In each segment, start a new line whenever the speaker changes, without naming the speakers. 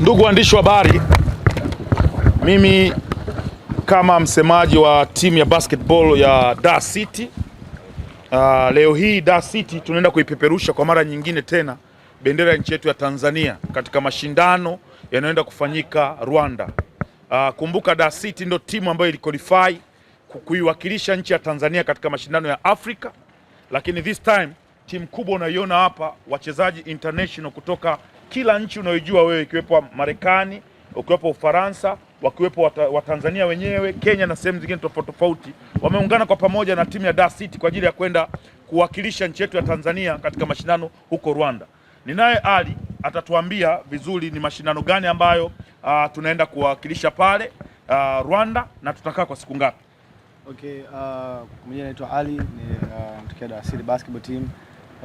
Ndugu waandishi wa habari, mimi kama msemaji wa timu ya basketball ya Dar City uh, leo hii Dar City tunaenda kuipeperusha kwa mara nyingine tena bendera ya nchi yetu ya Tanzania katika mashindano yanayoenda kufanyika Rwanda. Uh, kumbuka Dar City ndio timu ambayo iliqualify kuiwakilisha nchi ya Tanzania katika mashindano ya Afrika, lakini this time timu kubwa unaiona hapa, wachezaji international kutoka kila nchi unayojua wewe, ikiwepo Marekani, ukiwepo Ufaransa, wakiwepo Watanzania wenyewe, Kenya na sehemu zingine tofauti tofauti, wameungana kwa pamoja na timu ya Dar City kwa ajili ya kwenda kuwakilisha nchi yetu ya Tanzania katika mashindano huko Rwanda. Ninaye Ali atatuambia vizuri ni mashindano gani ambayo uh, tunaenda kuwakilisha pale uh, Rwanda na tutakaa kwa siku ngapi?
Okay, uh, ah, mimi naitwa Ali ni uh, mtokea Dar City basketball team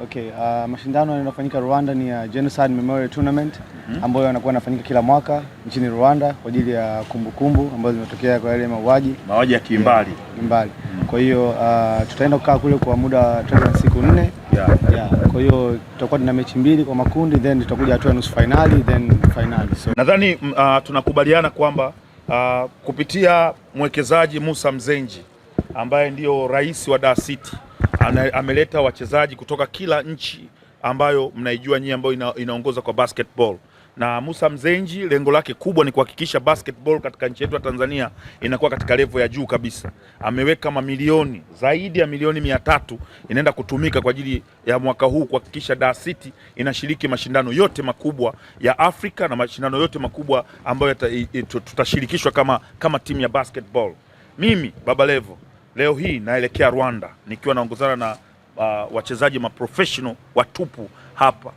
Okay, uh, mashindano yanayofanyika Rwanda ni ya Genocide Memorial Tournament mm -hmm. ambayo yanakuwa yanafanyika kila mwaka nchini Rwanda kwa ajili ya kumbukumbu ambazo zimetokea kwa yale mauaji
mauaji ya kimbali
kimbali. mm -hmm. Kwa hiyo uh, tutaenda kukaa kule kwa muda wa siku nne. yeah. Yeah. Kwa hiyo tutakuwa tuna mechi mbili kwa makundi then tutakuja hatua nusu finali then finali. So,
nadhani uh, tunakubaliana kwamba uh, kupitia mwekezaji Musa Mzenji ambaye ndio rais wa Dar City ana, ameleta wachezaji kutoka kila nchi ambayo mnaijua nyinyi ambayo ina, inaongoza kwa basketball na Musa Mzenji lengo lake kubwa ni kuhakikisha basketball katika nchi yetu ya Tanzania inakuwa katika levo ya juu kabisa. Ameweka mamilioni zaidi ya milioni mia tatu inaenda kutumika kwa ajili ya mwaka huu kuhakikisha Dar City inashiriki mashindano yote makubwa ya Afrika na mashindano yote makubwa ambayo tutashirikishwa kama, kama timu ya basketball. Mimi Baba Levo Leo hii naelekea Rwanda nikiwa naongozana na uh, wachezaji maprofessional watupu hapa.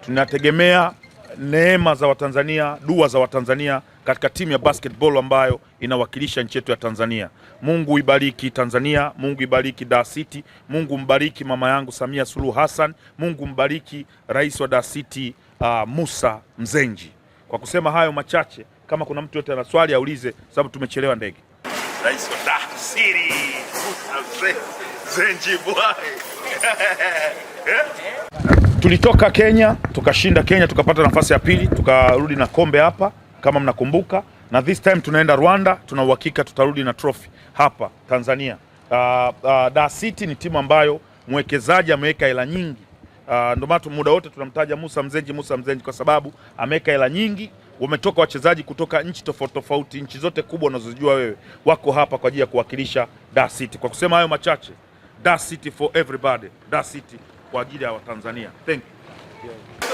Tunategemea neema za Watanzania, dua za Watanzania katika timu ya basketball ambayo inawakilisha nchi yetu ya Tanzania. Mungu ibariki Tanzania, Mungu ibariki Dar City, Mungu mbariki mama yangu Samia Suluhu Hassan, Mungu mbariki rais wa Dar City uh, Musa Mzenji. Kwa kusema hayo machache, kama kuna mtu yote ana swali aulize, sababu tumechelewa ndege rais wa tafsiri Zanzibar tulitoka Kenya tukashinda Kenya, tukapata nafasi ya pili, tukarudi na kombe hapa kama mnakumbuka, na this time tunaenda Rwanda, tuna uhakika tutarudi na trophy hapa Tanzania. Uh, ah, uh, ah, Dar City ni timu ambayo mwekezaji ameweka hela nyingi. Uh, ndio maana muda wote tunamtaja Musa Mzenji, Musa Mzenji kwa sababu ameweka hela nyingi wametoka wachezaji kutoka nchi tofauti tofauti, nchi zote kubwa unazojua wewe, wako hapa kwa ajili ya kuwakilisha Dar City. Kwa kusema hayo machache, Dar City for everybody, Dar City kwa ajili ya Watanzania. Thank you.